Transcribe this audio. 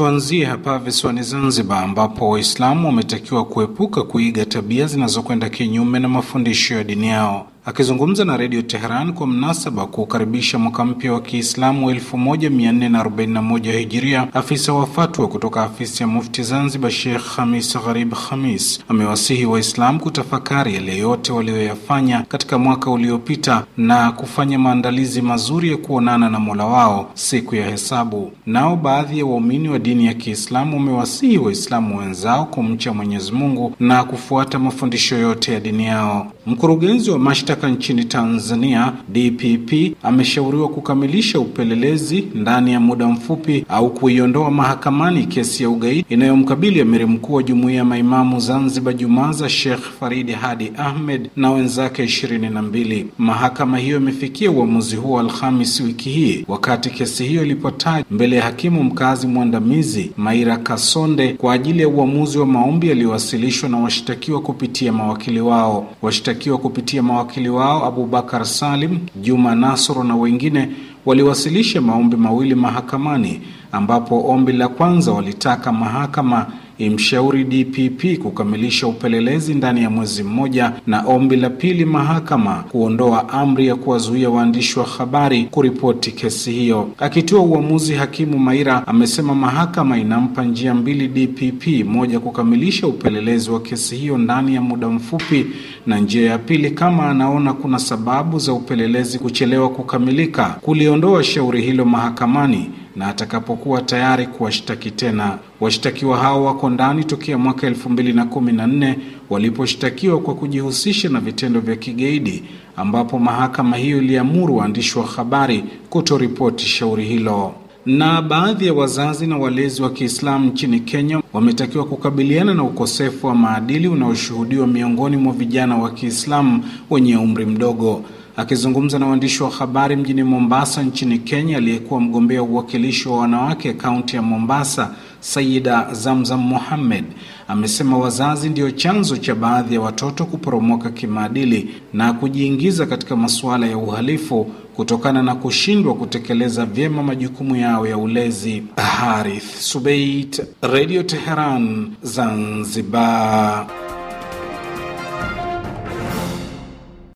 Tuanzie hapa visiwani Zanzibar, ambapo Waislamu wametakiwa kuepuka kuiga tabia zinazokwenda kinyume na mafundisho ya dini yao. Akizungumza na redio Teheran kwa mnasaba kuukaribisha mwaka mpya wa Kiislamu 1441 Hijiria, afisa wa fatwa kutoka afisi ya mufti Zanzibar, Sheikh Khamis Gharib Khamis, amewasihi Waislamu kutafakari yale yote walioyafanya katika mwaka uliopita na kufanya maandalizi mazuri ya kuonana na Mola wao siku ya hesabu. Nao baadhi ya waumini wa dini ya Kiislamu wamewasihi Waislamu wenzao kumcha Mwenyezi Mungu na kufuata mafundisho yote ya dini yao. Mkurugenzi wa mashtaka mashtaka nchini Tanzania DPP ameshauriwa kukamilisha upelelezi ndani ya muda mfupi au kuiondoa mahakamani kesi ya ugaidi inayomkabili amiri mkuu wa jumuiya ya maimamu Zanzibar Jumaza Sheikh Faridi Hadi Ahmed na wenzake ishirini na mbili. Mahakama hiyo imefikia uamuzi huo Alhamis wiki hii wakati kesi hiyo ilipotaja mbele ya hakimu mkazi mwandamizi Maira Kasonde kwa ajili ya uamuzi wa maombi yaliyowasilishwa na washtakiwa kupitia mawakili wao. Washtakiwa kupitia mawakili mawakili wao Abubakar Salim, Juma Nasoro na wengine waliwasilisha maombi mawili mahakamani, ambapo ombi la kwanza walitaka mahakama imshauri DPP kukamilisha upelelezi ndani ya mwezi mmoja, na ombi la pili mahakama kuondoa amri ya kuwazuia waandishi wa habari kuripoti kesi hiyo. Akitoa uamuzi, hakimu Maira amesema mahakama inampa njia mbili DPP, moja kukamilisha upelelezi wa kesi hiyo ndani ya muda mfupi, na njia ya pili, kama anaona kuna sababu za upelelezi kuchelewa kukamilika, kuliondoa shauri hilo mahakamani na atakapokuwa tayari kuwashtaki tena. Washtakiwa hao wako ndani tokea mwaka 2014 waliposhtakiwa kwa kujihusisha na vitendo vya kigaidi, ambapo mahakama hiyo iliamuru waandishi wa habari kutoripoti shauri hilo. Na baadhi ya wazazi na walezi wa Kiislamu nchini Kenya wametakiwa kukabiliana na ukosefu wa maadili unaoshuhudiwa miongoni mwa vijana wa Kiislamu wenye umri mdogo. Akizungumza na waandishi wa habari mjini Mombasa nchini Kenya, aliyekuwa mgombea uwakilishi wa wanawake kaunti ya Mombasa, Saida Zamzam Mohammed amesema wazazi ndiyo chanzo cha baadhi ya watoto kuporomoka kimaadili na kujiingiza katika masuala ya uhalifu kutokana na kushindwa kutekeleza vyema majukumu yao ya ulezi. Harith Subait, Radio Teheran, Zanzibar.